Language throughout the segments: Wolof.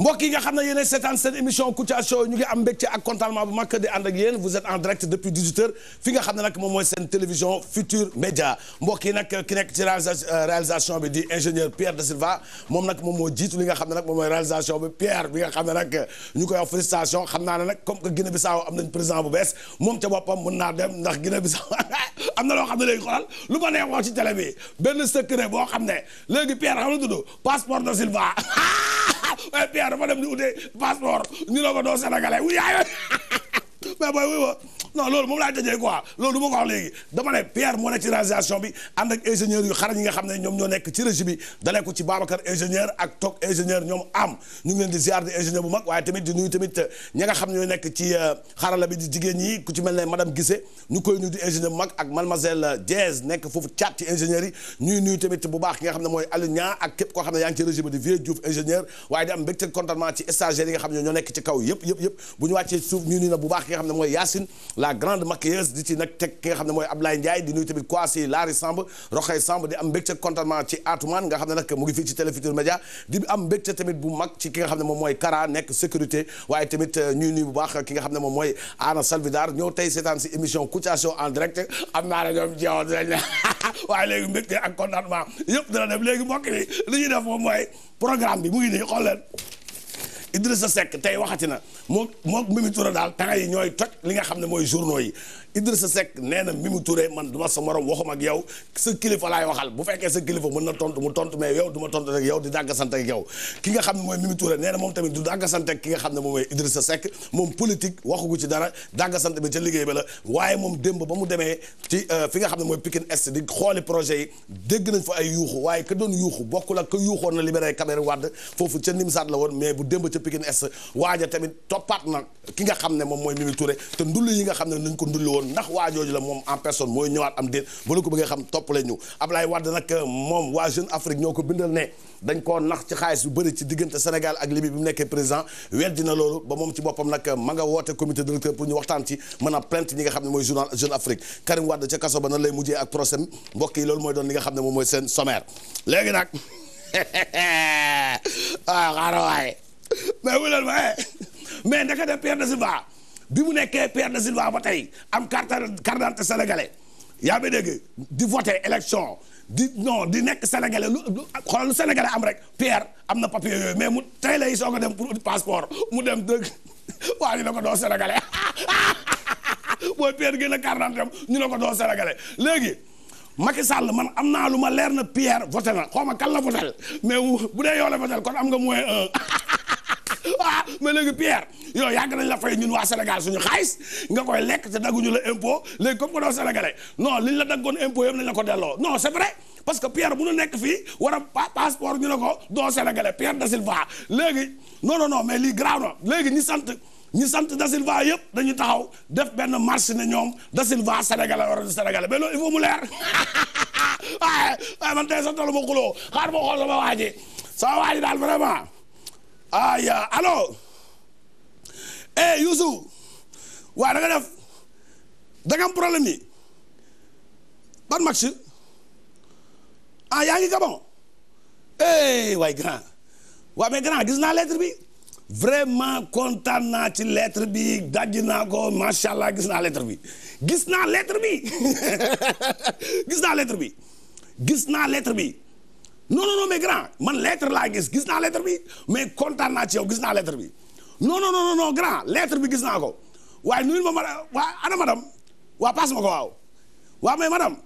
mbokk yi nga xam ne yéen a seetaan seen émission Kouthia Show ñu ngi am mbégte ak contentement bu mag di ànd ak yéen vous êtes nag moom mooy seen télévision Futur Média mbokk yi nag ki nekk ci euh, réalisation bi di ingénieur Pierre de Silva moom nag moom moo jiitu li nga xam ne nag moom mooy réalisation bi Pierre bi nga xam ne nag ñu koy wax félicitation xam naa ne nag comme que Guinée Bissau am nañ président bu bees moom ca boppam mën naa dem ndax Guinée Bissau am na loo xam ne léegi xoolal lu ma neex wax ci télé bi benn boo xam ne léegi waaye eh, Pierre dafa dem di ute passeport ñu ne ko doo sénégalais wu yaay mais booy wuy ma non loolu moom laay tëjee quoi loolu du ma léegi dama ne Pierre moo nekk ci réalisation bi nga xam ne ñoom ñoo nekk ci régie bi dalee ko ci Babacar ingénieur ak toog ingénieur ñoom am ñu ngi leen di ziar di ingénieur bu mag waaye tamit di nuyu xam ne ñoo nekk ci euh, jigéen ñi ku ci mel ne madame Guissé ñu koy nuyu di ingénieur bu mag ak mademoiselle Diaz nekk foofu caat ci ingénieur yi ñuy nuyu tamit bu baax ki nga xam ne mooy Aliou ak képp koo xam ne yaa ngi ci régie bi di vieux Diouf ingénieur waaye di am mbégte contentement ci stagiaires yi nga xam ne ñoo nekk ci kaw yëpp yëpp yëpp bu ñu wàccee suuf ñuy nuyu bu baax ki nga xam ne la grande maquilleuse di ci nag teg ki xam ne mooy Ablaye Ndiaye di nuyu tamit quoi si Laari Samb Roxay Samb di am mbégte contentement ci Atoumane nga xam ne nag mu fii ci Télé Futurs di am mbégte tamit bu mag ci ki nga xam ne moom mooy Kara nekk sécurité waay tamit euh, ñuy nuyu bu baax ki nga xam ne moom mooy Anna Salvidar ñëw tey seetaan si émission Kouthia Show en direct am naa la ñoom jeewoon nañ waaye léegi mbégte ak contentement yëpp dana dem léegi mbokk yi li ñuy bi mu ngi nii xool sa Seck tey waxati na moo moom Mimi Touré daal temps li nga xam ne mooy journaux yi Idrissa Seck nee na Mimi Touré man du ma sa morom waxuma ak yow sa kilifa laay waxal bu fekkee sa kilifa mën na tontu mu tontu mais yow du ma tontu rek yow di dàggasante ak yow ki nga xam ne mooy Mimi Touré nee moom tamit du dàggasante ak ki nga xam ne moom mooy Idrissa Seck moom politique waxugu ci dara dàggasante bi ca liggéey bi la waaye moom demb ba mu demee ci euh, fi nga xam ne mooy Pikine Est projet yi dégg nañ fa ay yuuxu waaye ak ka yuuxoon na libéré Kamerun Wade foofu ca woon mais bu démb Pikine Est waaja tamit toppaat na ki nga xam ne moom mooy Mimi Touré te ndulli yi nga xam ne nañ ko woon waa jooju la moom en personne mooy ñëwaat am ko bëggee xam toppale ñu Ablaye Wade nag moom waa Jeune Afrique ñoo ko bindal ne dañ koo na nga woote comité directeur pour a plainte ñi nga xam ne mooy journal Jeune Afrique Karim Wade ca seen sommaire léegi nag ah xaaral waaye mais wulal ma mais ndeke de Pierre de Silva bi mu nekkee Pierre de Silva ba tey am carte carte d'identité sénégalais yaa ngi dégg di voter élection di non di nekk sénégalais lu xoolal lu sénégalais am rek Pierre am na papier yooyu mais mu tey lay soo ko dem pour passeport mu dem dëgg waa ñu ne ko doo sénégalais booy Pierre gën a carte ñu ne ko doo sénégalais léegi Macky Sall man am naa lu ma leer na Pierre voté na xaw ma kan la voté bu dee yow la voté am nga moins mais léegi Pierre yow yàgg nañ la fay ñun waa Sénégal suñu xaalis nga koy lekk te dagguñu la impôt léegi comme que doo sénégalais non liñ la daggoon impôt yëpp nañ la ko delloo non c'est vrai parce que Pierre bu nu nekk fii war a passeport ñu ne ko doo sénégalais Pierre da Silva léegi non non non mais lii grave léegi ñu sant ñu sant da Silva yëpp dañu taxaw def benn marche na ñoom da Silva sénégalais war a sénégalais mais loolu il faut mu leer waaye man tey sa tollu ma xuloo xaar ma xool sama waa sama waa daal vraiment aya ah, allo eh Youssou waaw da nga def da nga am problème yi ban match ah, yaa ngi Gabon eh waay grand waaw mais grand gis naa lettre bi vraiment kontaan naa ci lettre bi daj naa ko macha allah gis naa lettre bi gis naa lettre bi gis naa letre bi gis naa lettre bi. non non non mais grand man lettre laa gis gis naa lettre bi mais kontaan gis naa lettre bi non non non non grand bi gis naa ko waaye nuyul ma madame waa ana waa passe ma ko waaw waa mais madame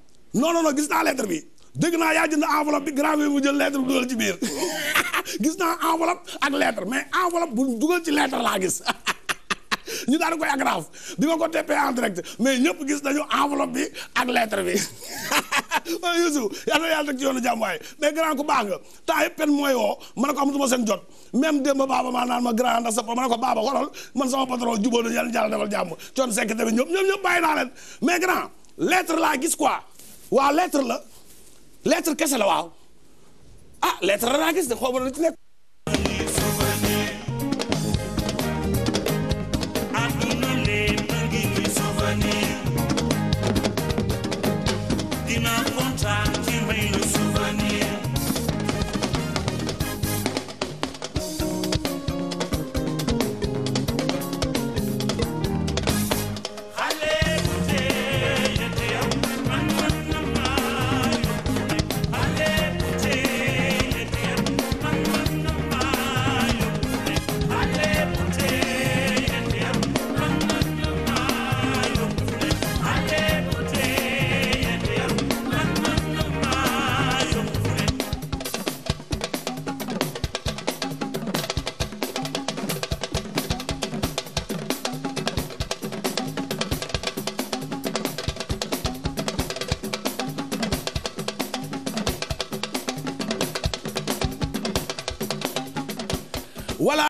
non non non gis naa letre bi dégg naa yaa jënd enveloppe bi grand bi mu jël lettre bi dugal ci biir gis naa enveloppe ak lettre mais enveloppe bu dugal ci lettre laa gis ñu daan koy agraf bi ma ko teppee en direct mais ñëpp gis nañu enveloppe bi ak lettre bi waaye Youssou yàlla yàlla teg ci yoonu waaye mais grand ku baax nga temps pen mooy woo ma ne ko amatuma seen jot même démb baaba maa naan ma grand ndax sa ma ne ko baaba xoolal man sama patron jubóo na yàlla coon sekk tamit ñoom ñoom ñëpp bàyyi naa leen mais grand lettre laa gis quoi waaw lettre la lettre kese la waaw ah lettre la naa gis de xaw la ci nekk wala